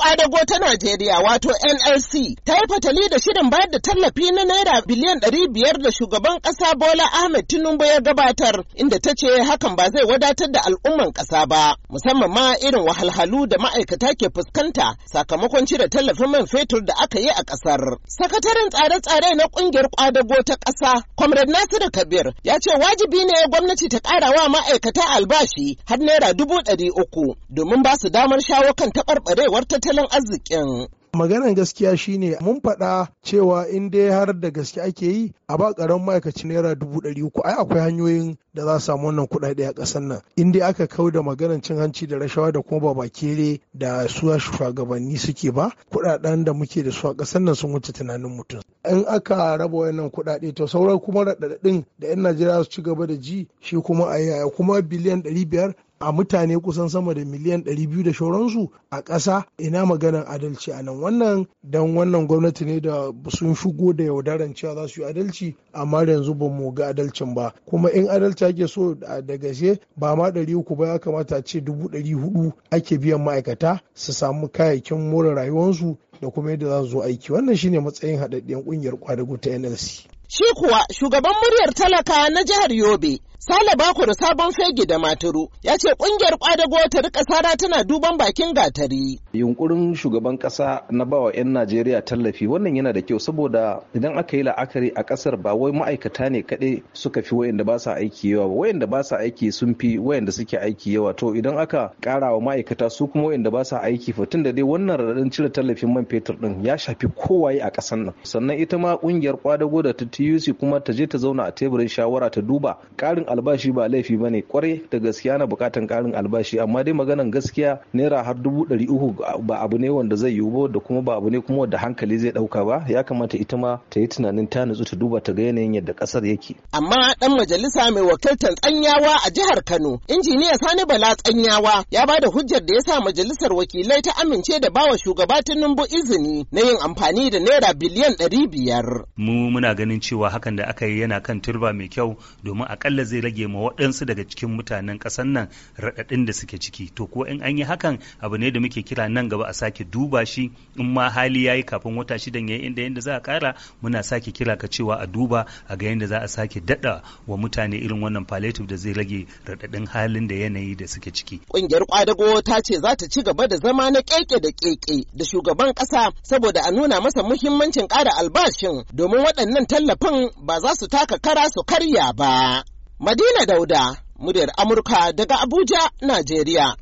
kwadago ta Najeriya wato NLC ta yi fatali da shirin bayar da tallafi na naira biliyan ɗari biyar da shugaban ƙasa Bola Ahmed Tinubu ya gabatar inda ta ce hakan ba zai wadatar da al'umman ƙasa ba musamman ma irin wahalhalu da ma'aikata ke fuskanta sakamakon cire tallafin man fetur da aka yi a ƙasar. Sakataren tsare-tsare na ƙungiyar kwadago ta ƙasa Comrade Nasiru Kabir ya ce wajibi ne gwamnati ta ƙara wa ma'aikata albashi har naira dubu ɗari uku domin ba su damar shawo kan taɓarɓarewar tattalin tattalin arzikin. maganan gaskiya shine mun faɗa cewa in dai har da gaske ake yi a ba ƙaramin ma'aikaci naira dubu ɗari uku ai akwai hanyoyin da za samu wannan kuɗaɗe a ƙasar nan in dai aka kau da maganar cin hanci da rashawa da kuma kere da su shugabanni suke ba kuɗaɗen da muke da su a ƙasar nan sun wuce tunanin mutum in aka raba wannan kuɗaɗe to sauran kuma raɗaɗin da 'yan najeriya su ci gaba da ji shi kuma a yaya kuma biliyan ɗari biyar a mutane kusan sama da miliyan ɗari biyu da shauransu a ƙasa ina maganar adalci a nan wannan don wannan gwamnati ne da sun shigo da yaudaran cewa za su yi adalci amma yanzu ba mu ga adalcin ba kuma in adalci gwamnati ke so da gaske ba ma ɗari uku ba ya kamata a ce dubu ɗari hudu ake biyan ma'aikata su samu kayayyakin more rayuwarsu da kuma yadda za su zo aiki wannan shine matsayin haɗaɗɗiyar ƙungiyar kwadago ta nlc shi kuwa shugaban muryar talaka na jihar yobe sale da sabon fegi da maturu ya ce kungiyar kwadago ta rika sara tana duban bakin gatari yunkurin shugaban kasa na bawa 'yan najeriya tallafi wannan yana da kyau saboda idan aka yi la'akari a kasar ba wai ma'aikata ne kaɗai suka fi wayanda ba sa aiki yawa ba wayanda ba sa aiki sun fi wayanda suke aiki yawa to idan aka ƙara wa ma'aikata su kuma wayanda ba sa aiki fa tun da dai wannan raɗaɗin cire tallafin man fetur din ya shafi kowaye a ƙasar nan sannan ita ma ƙungiyar kwadago da ta tuc kuma ta je ta zauna a teburin shawara ta duba ƙarin albashi ba laifi ba ne kwarai da gaskiya na bukatan ƙarin albashi amma dai maganan gaskiya naira har dubu ɗari uku ba abu ne wanda zai yiwu ba da kuma ba abu ne kuma wanda hankali zai ɗauka ba ya kamata ita ma ta yi tunanin ta nutsu ta duba ta ga yanayin yadda kasar yake. amma ɗan majalisa mai wakiltar tsanyawa a jihar kano injiniya sani bala tsanyawa ya ba da hujjar da ya sa majalisar wakilai ta amince da bawa shugaba tinubu izini na yin amfani da naira biliyan ɗari biyar. Mu muna ganin cewa hakan da aka yi yana kan turba mai kyau domin akalla zai rage ma waɗansu daga cikin mutanen ƙasar nan raɗaɗin da suke ciki. To ko in an yi hakan abu ne da muke kira nan gaba a sake duba shi in ma hali ya yi kafin wata shidan ya yi inda yadda za a ƙara muna sake kira ka cewa a duba a ga yadda za a sake daɗa wa mutane irin wannan palliative da zai rage raɗaɗin halin da yanayi da suke ciki. Ƙungiyar kwadago ta ce za ta ci gaba da zama na keke da keke da shugaban ƙasa ƙasa saboda a nuna masa muhimmancin ƙara albashin domin waɗannan tallafin ba za su taka kara su karya ba. Madina Dauda, muryar Amurka daga Abuja, Najeriya.